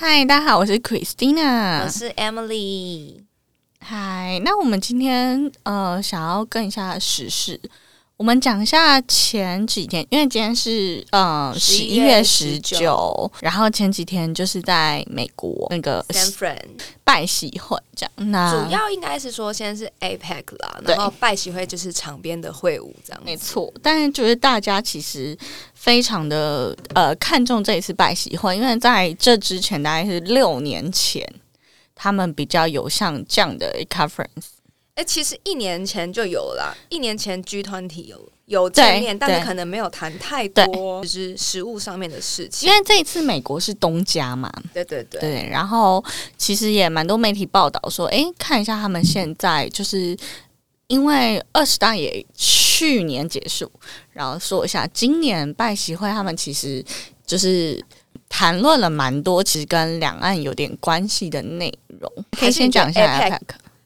嗨，Hi, 大家好，我是 Christina，我是 Emily。嗨，那我們今天呃，想要跟一下時事。我們講一下前幾天，因為今天是呃十一月十九，然後前幾天就是在美國那個 conference San Francisco 拜習會這樣。那主要應該是說，先是 APEC 啦，對然後拜習會就是場邊的會晤這樣。沒錯，但是就是大家其實非常的呃看重這一次拜習會，因為在這之前大概是六年前，他們比較有像這樣的 conference。哎、欸，其實一年前就有了，一年前 G 團體有有見面，對但是可能沒有談太多，就是對食物上面的事情。因為這一次美國是東家嘛，對對對，對。然後其實也蠻多媒體報道說，哎、欸，看一下他們現在就是，因為二十大也去年結束，然後說一下今年拜習會，他們其實就是談論了蠻多其實跟兩岸有點關係的內容。可以先講一下。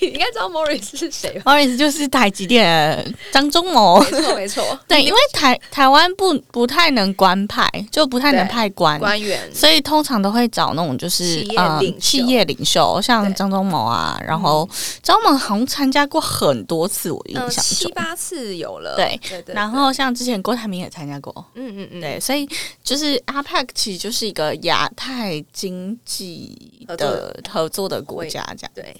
你應該知道 Morris 是誰吧？Morris 就是台積電張忠謀，沒錯沒錯。對，因為台台灣不不太能官派，就不太能派官官員，所以通常都會找那種就是企業領袖，像張忠謀啊。然後張忠謀好像參加過很多次，我印象七八次有了。對對對。然後像之前郭台銘也參加過，嗯嗯嗯。對，所以就是 APEC 其實就是一個亞太經濟的合作的國家這樣。對。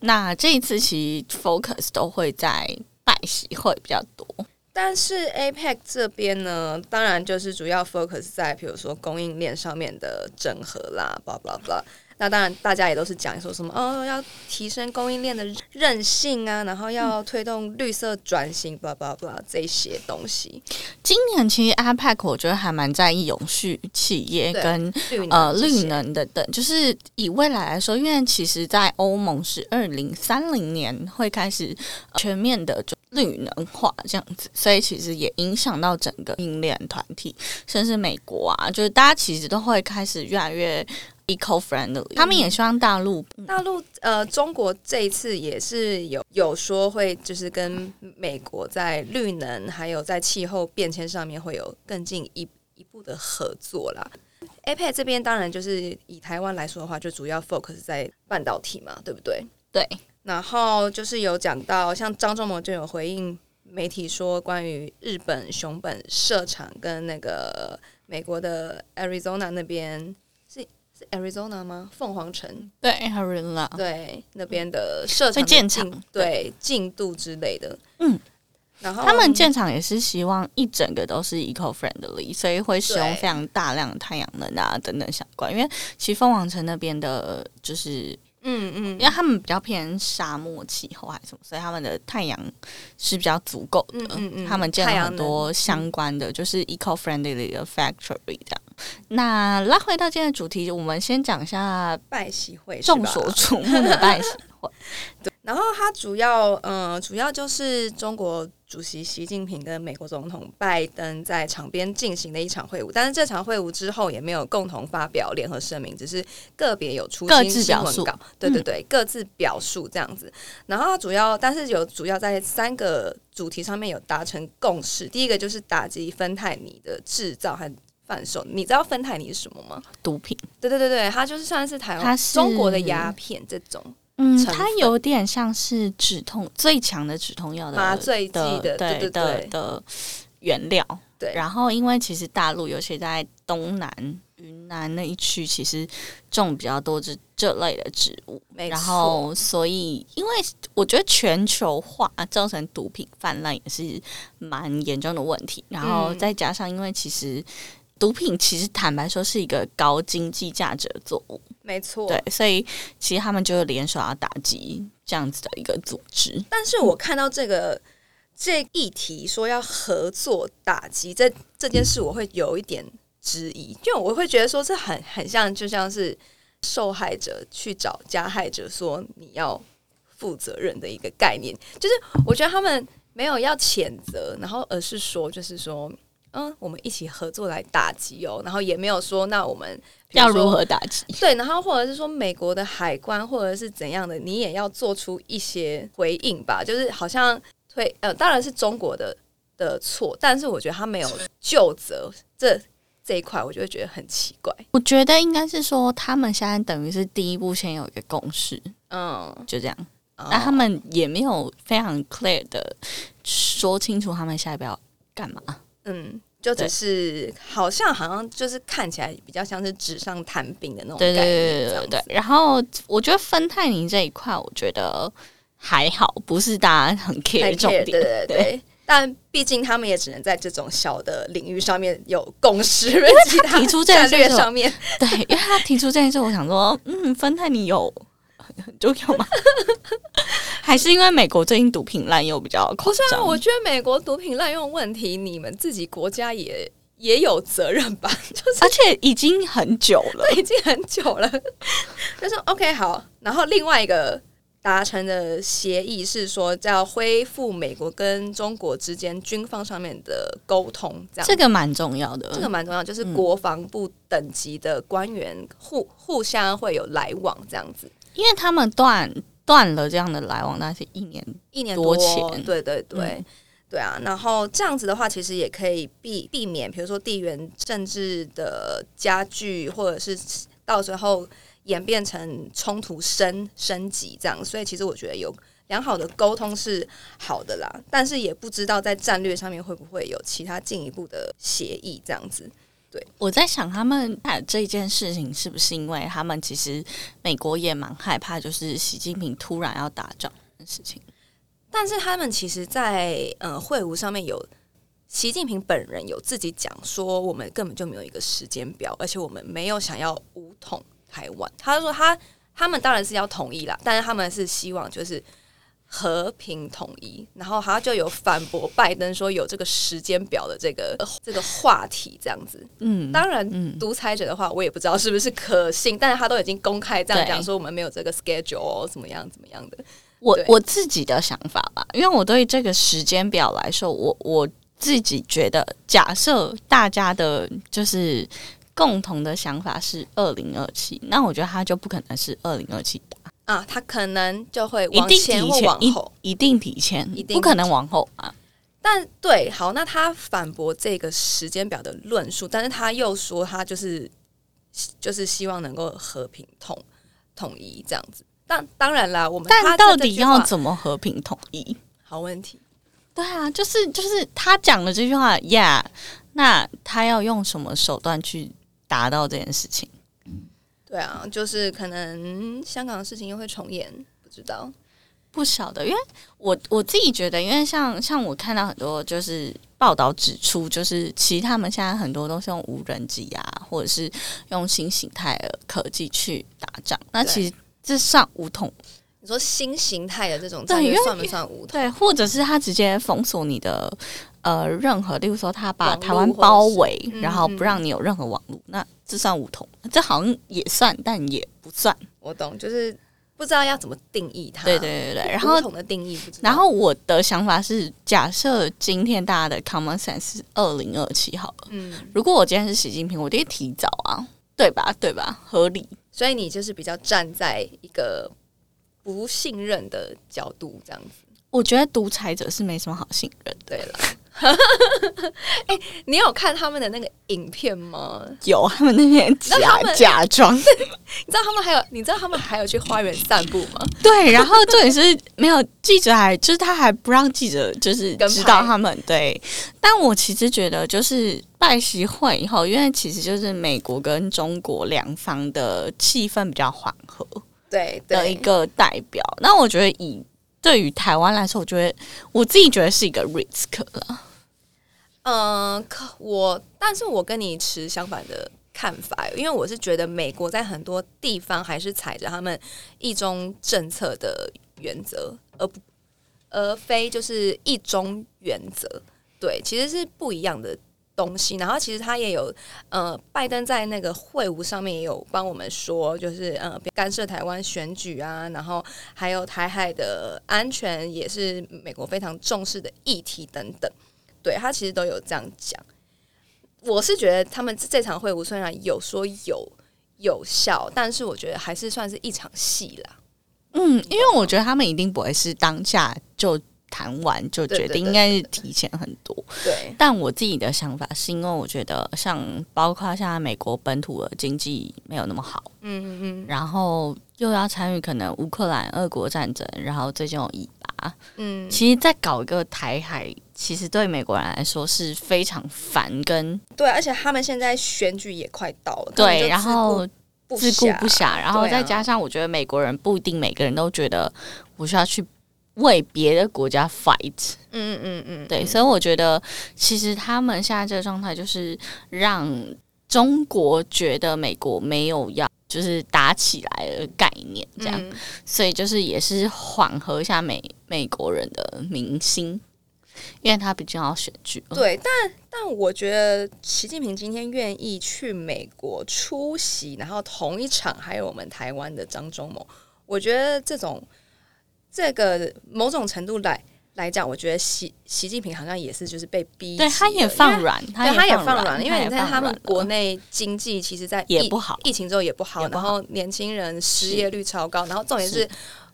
那這一次其實 focus 都會在拜習會比較多，但是 APEC 這邊呢，當然就是主要 focus 在比如說供應鏈上面的整合啦，blah blah blah。那當然，大家也都是講說什麼哦，要提升供應鏈的韌性啊，然後要推動綠色轉型，blah blah blah 這些東西。今年其實 APEC 我覺得還蠻在意永續企業跟綠呃綠能的等，就是以未來來說，因為其實在歐盟是二零三零年會開始、呃、全面的就綠能化這樣子，所以其實也影響到整個供應鏈團體，甚至美國啊，就是大家其實都會開始越來越。eco friendly，他們也希望大陸、嗯、大陸呃中國這一次也是有有說會就是跟美國在綠能還有在氣候變遷上面會有更進一,一步的合作啦。APEC 這邊當然就是以台灣來說的話，就主要 focus 在半導體嘛，對不對？對。然後就是有講到，像張忠謀就有回應媒體說，關於日本熊本設廠跟那個美國的 Arizona 那邊。Arizona 嗎？鳳凰城，對 Arizona，illa 對，那邊的設廠建廠對進度之類的，嗯，然後他們建廠也是希望一整個都是 eco friendly，所以會使用非常大量的太陽能啊等等相關。對因為其實鳳凰城那邊的，就是嗯嗯，嗯，因為他們比較偏沙漠氣候還是什麼，所以他們的太陽是比較足夠的。嗯嗯，嗯嗯他們建了很多相關的，就是 eco friendly 的 factory 這樣。那拉回到今天的主題，我們先講一下拜習會，眾所矚目的拜習會。對，然後它主要，嗯，主要就是中國主席習近平跟美國總統拜登在場邊進行的一場會晤。但是這場會晤之後，也沒有共同發表聯合聲明，只是個別有出新聞稿各自表述。對對對，嗯、各自表述這樣子。然後主要，但是有主要在三個主題上面有達成共識。第一個就是打擊芬太尼的製造和。販售，你知道芬太尼是什麼嗎？毒品。對對對對，它就是算是台灣，它是中國的鴉片這種，嗯，它有點像是止痛最強的止痛藥的麻醉劑的，的對，對，對，對的的原料。對。然後，因為其實大陸，尤其在東南雲南那一區，其實種比較多這這類的植物。沒錯。然後，所以因為我覺得全球化造成毒品氾濫也是蠻嚴重的問題。然後再加上，因為其實。毒品其實坦白說是一個高經濟價值的作物，沒錯。對，所以其實他們就是聯手要打擊這樣子的一個組織。但是我看到這個這議題說要合作打擊這這件事，我會有一點質疑，因為我會覺得說這很很像就像是受害者去找加害者說你要負責任的一個概念。就是我覺得他們沒有要譴責，然後而是說就是說。嗯，我們一起合作來打擊哦，然後也沒有說那我們如要如何打擊？對，然後或者是說美國的海關或者是怎樣的，你也要做出一些回應吧。就是好像推呃，當然是中國的的錯，但是我覺得他沒有究責 這這一塊，我就會覺得很奇怪。我覺得應該是說他們現在等於是第一步，先有一個共識，嗯，就這樣。那、嗯、他們也沒有非常 clear 的說清楚他們下一步要幹嘛。嗯，就只是對好像，好像就是看起來比較像是紙上談兵的那種感覺。對對對對，然後我覺得芬太尼這一塊，我覺得還好，不是大家很看重點。Care, 對，對對對。對，但畢竟他們也只能在這種小的領域上面有共識。因提出這戰略上面，對，因為他提出這件事， 我想說，嗯，芬太尼有。很重要嗎？ 還是因為美國最近毒品濫用比較誇張？是啊，我覺得美國毒品濫用問題，你們自己國家也也有責任吧？就是，而且已經很久了，對，已經很久了。 就是 OK 好，然後另外一個達成的協議是說，要恢復美國跟中國之間軍方上面的溝通。這樣，這個蠻重要的，這個蠻重要的，就是國防部等級的官員互、嗯、互相會有來往，這樣子。因為他們斷斷了這樣的來往，那是一年一年多前，對對對，嗯、對啊。然後這樣子的話，其實也可以避避免，比如說地緣政治的加劇，或者是到時候演變成衝突升升級這樣。所以，其實我覺得有良好的溝通是好的啦，但是也不知道在戰略上面會不會有其他進一步的協議這樣子。對，我在想他們，啊，這件事情是不是因為他們其實美國也蠻害怕，就是習近平突然要打仗的事情。但是他們其實在，在呃會晤上面有習近平本人有自己講說，我們根本就沒有一個時間表，而且我們沒有想要武統台灣。他說他他們當然是要同意啦，但是他們是希望就是。和平統一，然後他就有反駁拜登說有這個時間表的這個這個話題這樣子。嗯，當然，獨裁者的話我也不知道是不是可信，嗯、但是他都已經公開這樣講說，我們沒有這個 schedule、哦，、對怎麼樣怎麼樣的，我我自己的想法吧，因為我對這個時間表來說，我我自己覺得，假設大家的就是共同的想法是二零二七，那我覺得他就不可能是二零二七。啊，他可能就會往前或往後，一定提前，一，一定提前，一定不可能往後啊。但對，好，那他反駁這個時間表的論述，但是他又說他就是就是希望能夠和平統統一這樣子。當當然啦，我們他在這但到底要怎麼和平統一？好問題，對啊，就是就是他講的這句話呀，yeah, 那他要用什麼手段去達到這件事情？對啊，就是可能香港的事情又會重演，不知道，不曉得，因為我我自己覺得，因為像像我看到很多就是報道指出，就是其實他們現在很多都是用無人機啊，或者是用新形態的科技去打仗，對那其實這算武統？你說新形態的這種算算不算武統？對，或者是他直接封鎖你的。呃，任何，例如說他把台灣包圍，嗯、然後不讓你有任何網絡，嗯、那這算武統？這好像也算，但也不算。我懂，就是不知道要怎麼定義它。對對對，對然後不同的定義不知道。然後我的想法是，假設今天大家的 Common Sense 是二零二七好了。嗯，如果我今天是習近平，我得提早啊，對吧？對吧？合理。所以你就是比較站在一個不信任的角度，這樣子。我覺得獨裁者是沒什麼好信任。對了。哈哈哈哈，你有看他們的那個影片嗎？有，他們那邊假那假裝 裝。 你知道他們還有？你知道他們還有去花園散步嗎？對，然後重點是 沒有記者還，還就是他還不讓記者就是知道他們。牌對，但我其實覺得就是拜習會以後，因為其實就是美國跟中國兩方的氣氛比較緩和。對對，的一個代表，那我覺得以。對於台灣來說，我覺得我自己覺得是一個 risk 了。嗯，可我，但是我跟你持相反的看法，因為我是覺得美國在很多地方還是踩着他們一中政策的原則，而不而非就是一中原則，對，其實是不一樣的。東西，然後其實他也有，呃，拜登在那個會晤上面也有幫我們說，就是呃干涉台灣選舉啊，然後還有台海的安全也是美國非常重視的議題等等，對他其實都有這樣講。我是覺得他們這場會晤雖然有說有有效，但是我覺得還是算是一場戲啦。嗯，因為我覺得他們一定不會是當下就。談完就決定，應該是提前很多。對，對，但我自己的想法是因為我覺得，像包括像美國本土的經濟沒有那麼好，嗯嗯嗯，然後又要參與可能烏克蘭、俄國戰爭，然後最近有以巴，嗯，其實再搞一個台海，其實對美國人來說是非常煩。跟對，而且他們現在選舉也快到了，對，然後自顧不暇，然後再加上我覺得美國人不一定每個人都覺得我需要去。為別的國家 fight，嗯嗯嗯，對，所以我覺得其實他們現在這個狀態就是讓中國覺得美國沒有要就是打起來的概念，這樣，嗯、所以就是也是緩和一下美美國人的民心，因為他比較要選舉。嗯、對，但但我覺得習近平今天願意去美國出席，然後同一場還有我們台灣的張忠謀，我覺得這種。這個某種程度來來講，我覺得習習近平好像也是就是被逼，對，他也放軟，他也放軟，因為你看他們國內經濟其實，在也不好，疫情之後也不好，然後年輕人失業率超高，然後重點是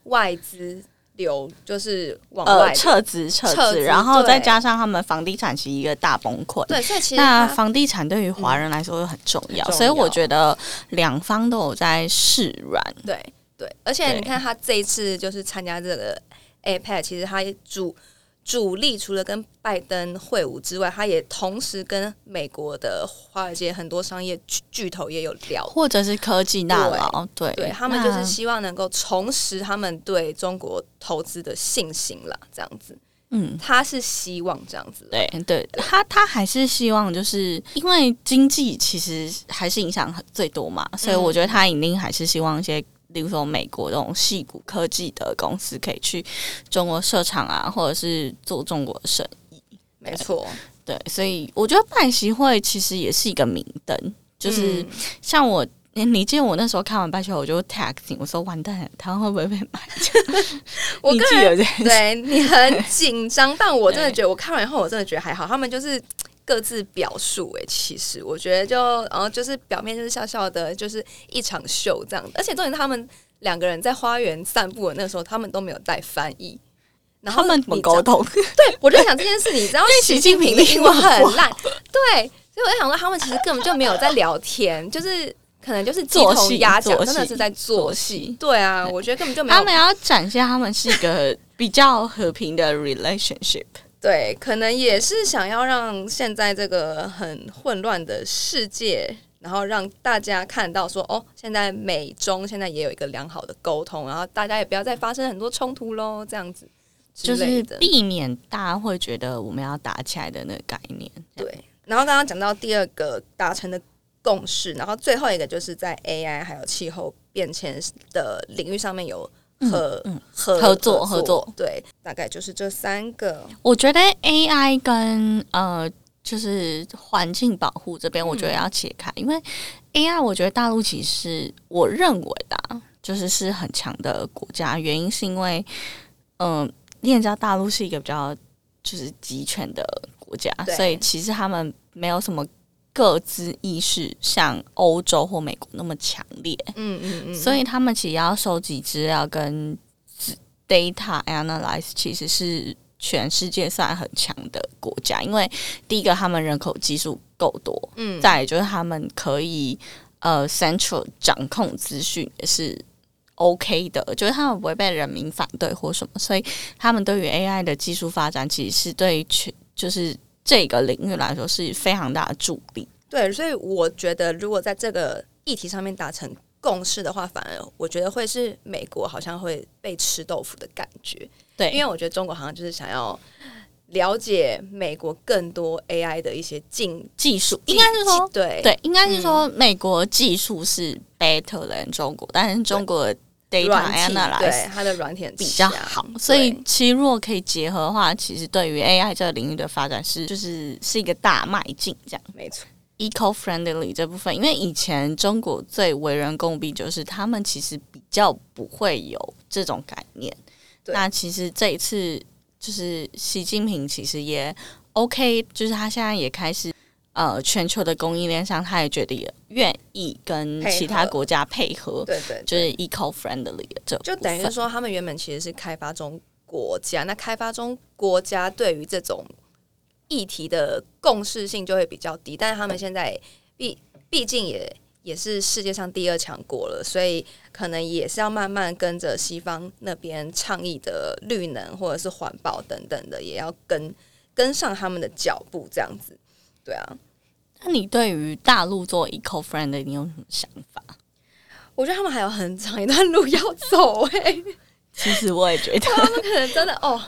外資流就是往外撤資撤資，然後再加上他們房地產是一個大崩潰，對，所以其實那房地產對於華人來說又很重要，所以我覺得兩方都有在示軟，對。對，而且你看他這一次就是參加這個 APEC 其實他主主力除了跟拜登會晤之外，他也同時跟美國的華爾街很多商業巨頭也有聊，或者是科技大佬，對，對，對，他們就是希望能夠重拾他們對中國投資的信心了，那這樣子。嗯，他是希望這樣子，對對，他他還是希望，就是因為經濟其實還是影響最多嘛，所以我覺得他一定還是希望一些。比如說美國這種矽谷科技的公司，可以去中國設廠啊，或者是做中國生意。沒錯錯，對，所以我覺得拜習會其實也是一個明燈，就是像我，嗯欸、你記得我那時候看完拜習，我就 tag 你我說完蛋了，他們會不會被買？ 我個人記得對你很緊張，但我真的覺得我看完以後，我真的覺得還好，對他們就是。各自表述哎、欸，其實我覺得就，然、嗯、後就是表面就是笑笑的，就是一場秀這樣。而且重點，他們兩個人在花園散步的那個時候，他們都沒有帶翻譯，然後他們怎麼溝通？對，我就想這件事，你知道，習近平的英文很爛，對，所以我就想說，他們其實根本就沒有在聊天， 就是可能就是做戲，真的是在做戲。對啊，我覺得根本就沒有，他們要展現他們是一個比較和平的 relationship。對，可能也是想要讓現在這個很混亂的世界，然後讓大家看到說，哦，現在美中現在也有一個良好的溝通，然後大家也不要再發生很多衝突嘍，這樣子之類的，就是避免大家會覺得我們要打起來的那個概念。對，對，然後剛剛講到第二個達成的共識，然後最後一個就是在 AI 還有氣候變遷的領域上面有。合合作合作。對，大概就是這三個。我覺得 AI 跟，呃，就是環境保護這邊，我覺得要切開，嗯、因為 AI，我覺得大陸其實我認為啊，就是是很強的國家，原因是因為，嗯、呃，你知道大陸是一個比較就是集權的國家，對所以其實他們沒有什麼。個資意識像歐洲或美國那麼強烈，嗯嗯嗯，嗯嗯所以他們其實要收集資料跟 data analyze，其實是全世界算很強的國家。因為第一個，他們人口基數夠多，嗯，再來就是他們可以呃 central 掌控資訊也是 OK 的，就是他們不會被人民反對或什麼，所以他們對於 AI 的技術發展，其實是對於全就是。這個領域來說是非常大的助力。對，所以我覺得如果在這個議題上面達成共識的話，反而我覺得會是美國好像會被吃豆腐的感覺。對，因為我覺得中國好像就是想要了解美國更多 AI 的一些技技術，技應該是說對對，應該是說美國技術是 better than 中國，但是中國。對，它的軟體比較好，所以其實若可以結合的話，對其實對於 AI 這個領域的發展是就是是一個大邁進。這樣沒錯錯，eco friendly 這部分，因為以前中國最為人詬病，就是他們其實比較不會有這種概念。對那其實這一次就是習近平其實也 OK，就是他現在也開始。呃，uh, 全球的供應鏈上，他也覺得也願意跟其他國家配合，對對，就是 eco friendly 這，就等於說他們原本其實是開發中國家，那開發中國家對於這種議題的共識性就會比較低，但是他們現在畢畢竟也也是世界上第二強國了，所以可能也是要慢慢跟着西方那邊倡議的綠能或者是環保等等的，也要跟跟上他們的腳步這樣子，對啊。那、啊、你對於大陸做 eco friend 的，你有什麼想法？我覺得他們還有很長一段路要走哎、欸。 其實我也覺得，他們可能真的哦。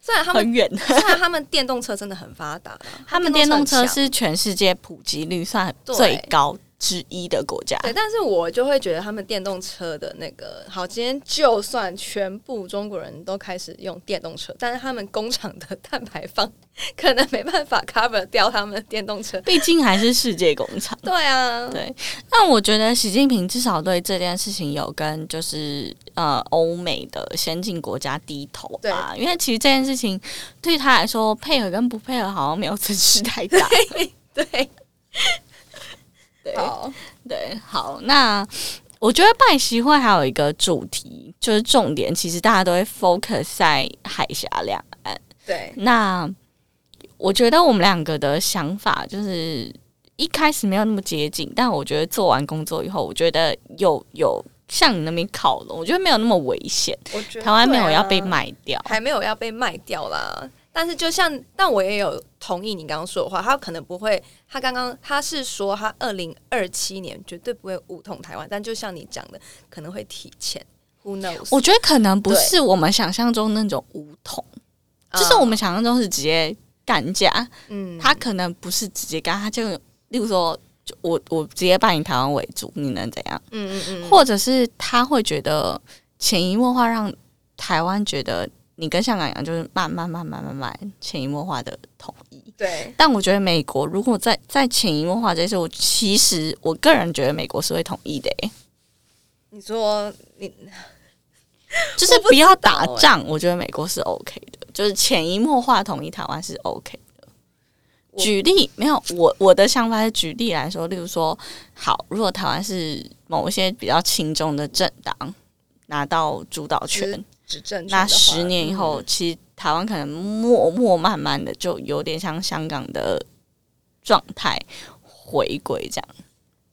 雖然他們很遠，雖然他們電動車真的很發達、啊，他們，他們電動車是全世界普及率算最高。之一的國家，對，但是我就會覺得他們電動車的那個好。今天就算全部中國人都開始用電動車，但是他們工廠的碳排放可能沒辦法 cover 掉他們的電動車，畢竟還是世界工廠。 對啊，對。那我覺得習近平至少對這件事情有跟就是呃歐美的先進國家低頭吧、啊，對因為其實這件事情對他來說配合跟不配合好像沒有損失太大對，對。對，好，對好，那我覺得拜習會還有一個主題就是重點，其實大家都會 focus 在海峽兩岸。對，那我覺得我們兩個的想法就是一開始沒有那麼接近，但我覺得做完工作以後，我覺得有有向你那邊靠了。我覺得沒有那麼危險，啊、台灣沒有要被賣掉，還沒有要被賣掉啦。但是，就像但我也有同意你剛剛說的話，他可能不會。他剛剛他是說，他二零二七年絕對不會武統台灣，但就像你講的，可能會提前。Who knows？我覺得可能不是我們想象中那種武統，對就是我們想象中是直接幹架。嗯，uh, 他可能不是直接幹，他就例如說，就我我直接把你台灣圍住，你能怎樣？嗯嗯嗯，或者是他會覺得潛移默化讓台灣覺得。你跟香港一樣，就是慢慢、慢慢、慢慢、潛移默化的統一。對，但我覺得美國如果在在潛移默化這些事，我其實我個人覺得美國是會同意的、欸。你說你就是不要打仗，我，欸、我覺得美國是 OK 的，就是潛移默化統一台灣是 OK 的。舉例我沒有，我我的想法是舉例來說，例如說，好，如果台灣是某一些比較輕重的政黨拿到主導權。那十年以後，嗯、其實台灣可能默默慢慢的就有點像香港的狀態回歸這樣，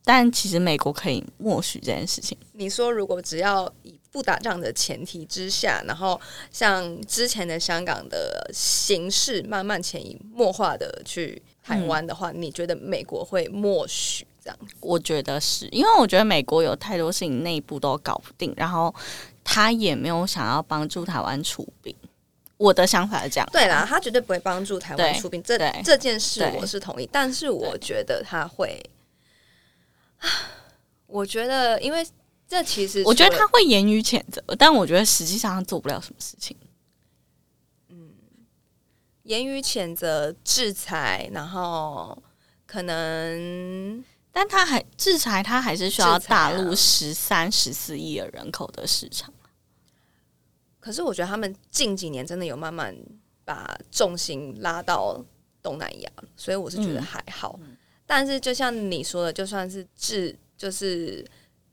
但其實美國可以默許這件事情。你說，如果只要以不打仗的前提之下，然後像之前的香港的形式，慢慢潛移默化的去台灣的話，嗯、你覺得美國會默許這樣？我覺得是因為我覺得美國有太多事情內部都搞不定，然後。他也沒有想要幫助台灣出兵，我的想法是這樣。對啦，他絕對不會幫助台灣出兵，對這對這件事我是同意，對但是我覺得他會對，我覺得因為這其實，我覺得他會言語譴責，但我覺得實際上他做不了什麼事情。嗯，言語譴責、制裁，然後可能。但他還制裁，他還是需要大陸十三、十四億人口的市場、啊。可是我覺得他們近幾年真的有慢慢把重心拉到東南亞，所以我是覺得還好。嗯、但是就像你說的，就算是制就是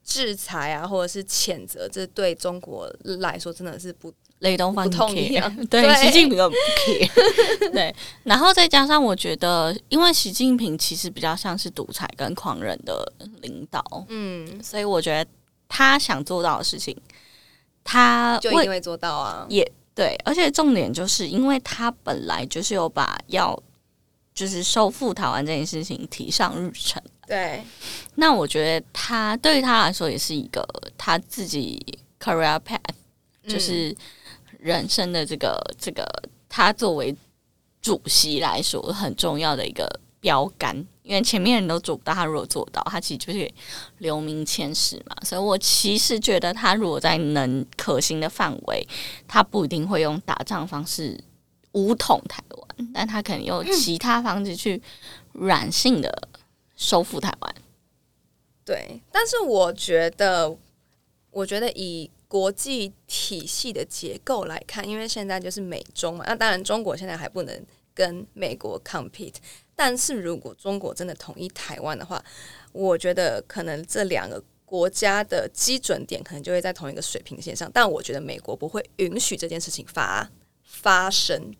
制裁啊，或者是譴責，這對中國來說真的是不。雷東翻貼，care, 不啊、對習對近平都不 care，對，然後再加上我覺得，因為習近平其實比較像是獨裁跟狂人的領導，嗯，所以我覺得他想做到的事情，他就一定會做到啊！也對，而且重點就是因為他本來就是有把要就是收復台灣這件事情提上日程，對。那我覺得他對於他來說也是一個他自己 career path，就是。嗯人生的這個這個，他作為主席來說很重要的一個標杆，因為前面人都做不到，他如果做到，他其實就是留名青史嘛。所以我其實覺得，他如果在能可行的範圍，他不一定會用打仗方式武統台灣，但他可能用其他方式去軟性的收復台灣。嗯。對，但是我覺得，我覺得以。國際體系的結構來看，因為現在就是美中嘛，那當然中國現在還不能跟美國 compete，但是如果中國真的統一台灣的話，我覺得可能這兩個國家的基準點可能就會在同一個水平線上。但我覺得美國不會允許這件事情發發生，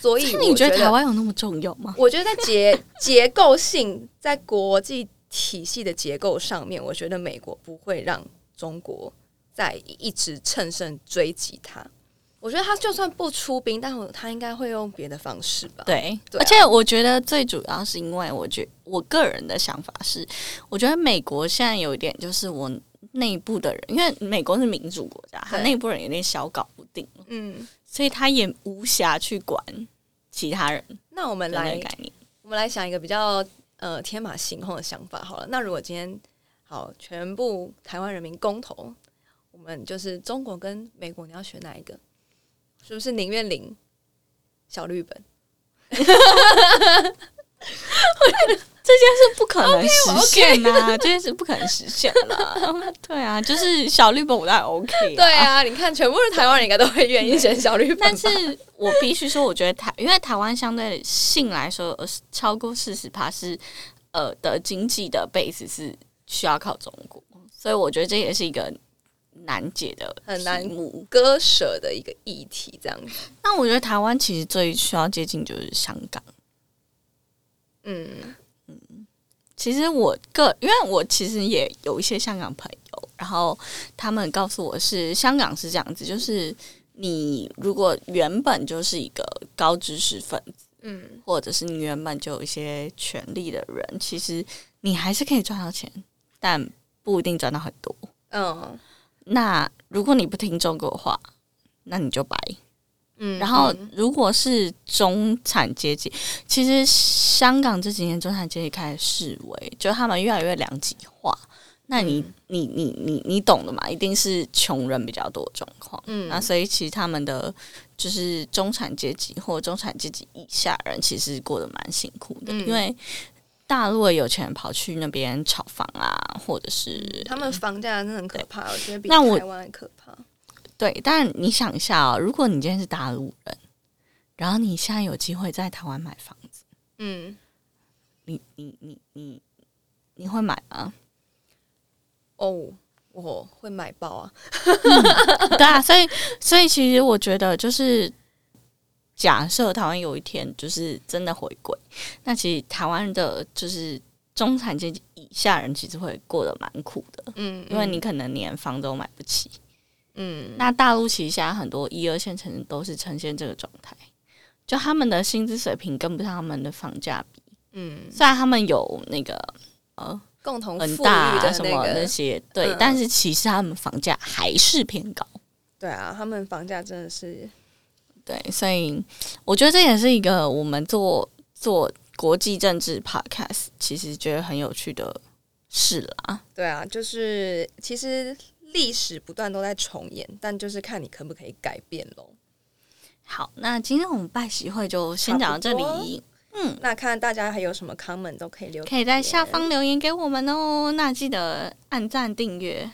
所以你覺得台灣有那麼重要嗎？我覺得在結結構性，在國際體系的結構上面，我覺得美國不會讓中國。在一直乘勝追擊他，我覺得他就算不出兵，但他應該會用別的方式吧。對，對啊，而且我覺得最主要是因為，我覺我個人的想法是，我覺得美國現在有一點就是，我內部的人，因為美國是民主國家，他內部人有點小搞不定，嗯，對所以他也無暇去管其他人。那我們來，就那個概念。我們來想一個比較呃天馬行空的想法好了。那如果今天好，全部台灣人民公投。嗯，就是中國跟美國，你要選哪一個？是不是寧願領小綠本？ 這件事不可能實現的，啊，okay, okay. 這件事不可能實現的。對啊，就是小綠本，我都還 OK，啊。對啊，你看，全部是台灣人，應該都會願意選小綠本。 但是我必須說，我覺得台，因為台灣相對性來說，超過四十趴是呃的經濟的 base 是需要靠中國，所以我覺得這也是一個。難解的、很難割舍的一個議題，這樣子。那我覺得台灣其實最需要接近就是香港。嗯嗯，其實我個，因為我其實也有一些香港朋友，然後他們告訴我是香港是這樣子，就是你如果原本就是一個高知識分子，嗯，或者是你原本就有一些權力的人，其實你還是可以賺到錢，但不一定賺到很多。嗯。那如果你不聽中國話，那你就白。嗯，然後如果是中產階級，其實香港這幾年中產階級開始示威，就他們越來越兩極化。那你、嗯、你你你你懂的嘛？一定是窮人比較多的狀況。嗯，那所以其實他們的就是中產階級或中產階級以下人，其實過得蠻辛苦的，嗯、因為。大陸有錢人跑去那邊炒房啊，或者是他們房價真的很可怕，對我覺得比台灣我還可怕。對，但你想一下哦，如果你今天是大陸人，然後你現在有機會在台灣買房子，嗯，你你你你你，你會買嗎？哦，我會買爆啊、。 嗯，對啊，所以所以其實我覺得就是。假設台灣有一天就是真的回歸，那其實台灣的，就是中產階級以下人，其實會過得蠻苦的，嗯，嗯因為你可能連房都買不起，嗯。那大陸其實現在很多一二線城市都是呈現這個狀態，就他們的薪資水平跟不上他們的房價比，嗯。雖然他們有那個呃共同富裕、那個、很大、啊、什麼那些、嗯、對，但是其實他們房價還是偏高，對啊，他們房價真的是。對，所以我覺得這也是一個我們做做國際政治 podcast，其實覺得很有趣的事啦。對啊，就是其實歷史不斷都在重演，但就是看你可不可以改變嘍。好，那今天我們拜習會，就先講到這裡。嗯，那看大家還有什麼 comment 都可以留，可以在下方留言給我們哦。那記得按讚訂閱。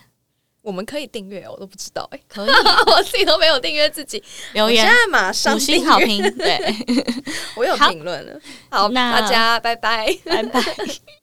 我們可以訂閱哦，我都不知道哎、欸，可以， 我自己都沒有訂閱自己。留言，現在馬上五星好評。對， 我有評論了。好，好那大家拜拜，拜拜。